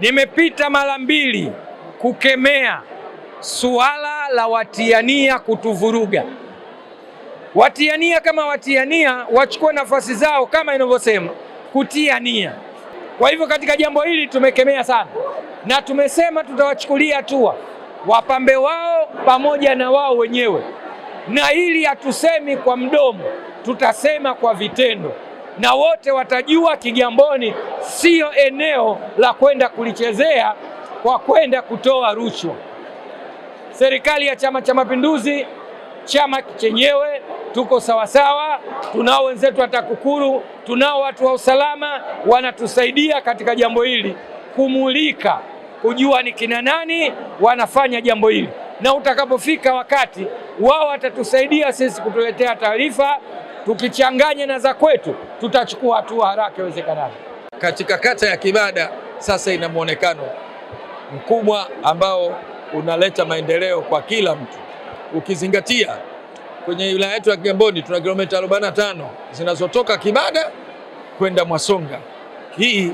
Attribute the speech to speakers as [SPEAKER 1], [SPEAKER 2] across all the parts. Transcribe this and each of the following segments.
[SPEAKER 1] Nimepita mara mbili kukemea suala la watiania kutuvuruga. Watiania kama watiania wachukue nafasi zao kama inavyosema kutiania. Kwa hivyo katika jambo hili tumekemea sana na tumesema tutawachukulia hatua wapambe wao pamoja na wao wenyewe, na hili hatusemi kwa mdomo, tutasema kwa vitendo na wote watajua Kigamboni siyo eneo la kwenda kulichezea kwa kwenda kutoa rushwa. Serikali ya Chama cha Mapinduzi, chama chenyewe tuko sawasawa, tunao wenzetu wa TAKUKURU, tunao watu wa usalama wanatusaidia katika jambo hili kumulika, kujua ni kina nani wanafanya jambo hili, na utakapofika wakati wao watatusaidia sisi kutuletea taarifa, tukichanganya na za kwetu, tutachukua hatua haraka iwezekanavyo
[SPEAKER 2] katika kata ya Kibada sasa ina mwonekano mkubwa ambao unaleta maendeleo kwa kila mtu, ukizingatia kwenye wilaya yetu ya Kigamboni tuna kilomita 45 zinazotoka Kibada kwenda Mwasonga. Hii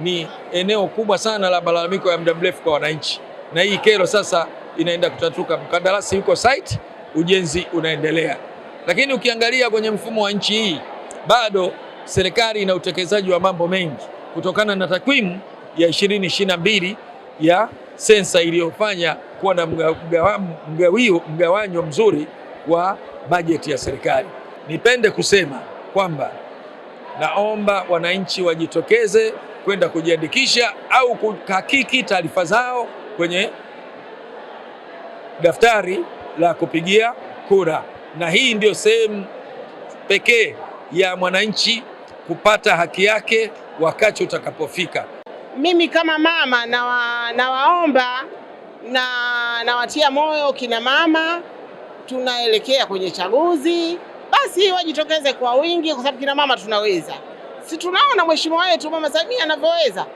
[SPEAKER 2] ni eneo kubwa sana la malalamiko ya muda mrefu kwa wananchi, na hii kero sasa inaenda kutatuka. Mkandarasi yuko site, ujenzi unaendelea, lakini ukiangalia kwenye mfumo wa nchi hii bado serikali ina utekelezaji wa mambo mengi kutokana na takwimu ya 2022 ya sensa iliyofanya kuwa na mgawio mgawanyo mzuri wa bajeti ya serikali. Nipende kusema kwamba naomba wananchi wajitokeze kwenda kujiandikisha au kuhakiki taarifa zao kwenye daftari la kupigia kura, na hii ndiyo sehemu pekee ya mwananchi kupata haki yake wakati utakapofika.
[SPEAKER 3] Mimi kama mama nawaomba na nawatia na moyo kina mama, tunaelekea kwenye chaguzi, basi wajitokeze kwa wingi, kwa sababu kina mama tunaweza. Si tunaona mheshimiwa wetu Mama Samia anavyoweza,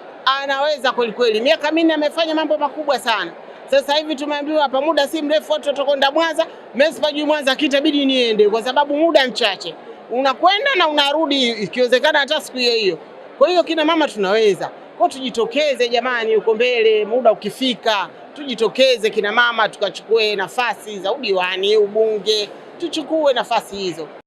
[SPEAKER 3] anaweza kweli kweli. Miaka minne amefanya mambo makubwa sana. Sasa hivi tumeambiwa hapa muda si mrefu watu watakwenda Mwanza, mimi sipajui Mwanza kitabidi niende kwa sababu muda mchache unakwenda na unarudi, ikiwezekana hata siku hiyo hiyo. Kwa hiyo kina mama tunaweza kwa, tujitokeze jamani, uko mbele, muda ukifika tujitokeze kina mama tukachukue nafasi za udiwani, ubunge, tuchukue nafasi hizo.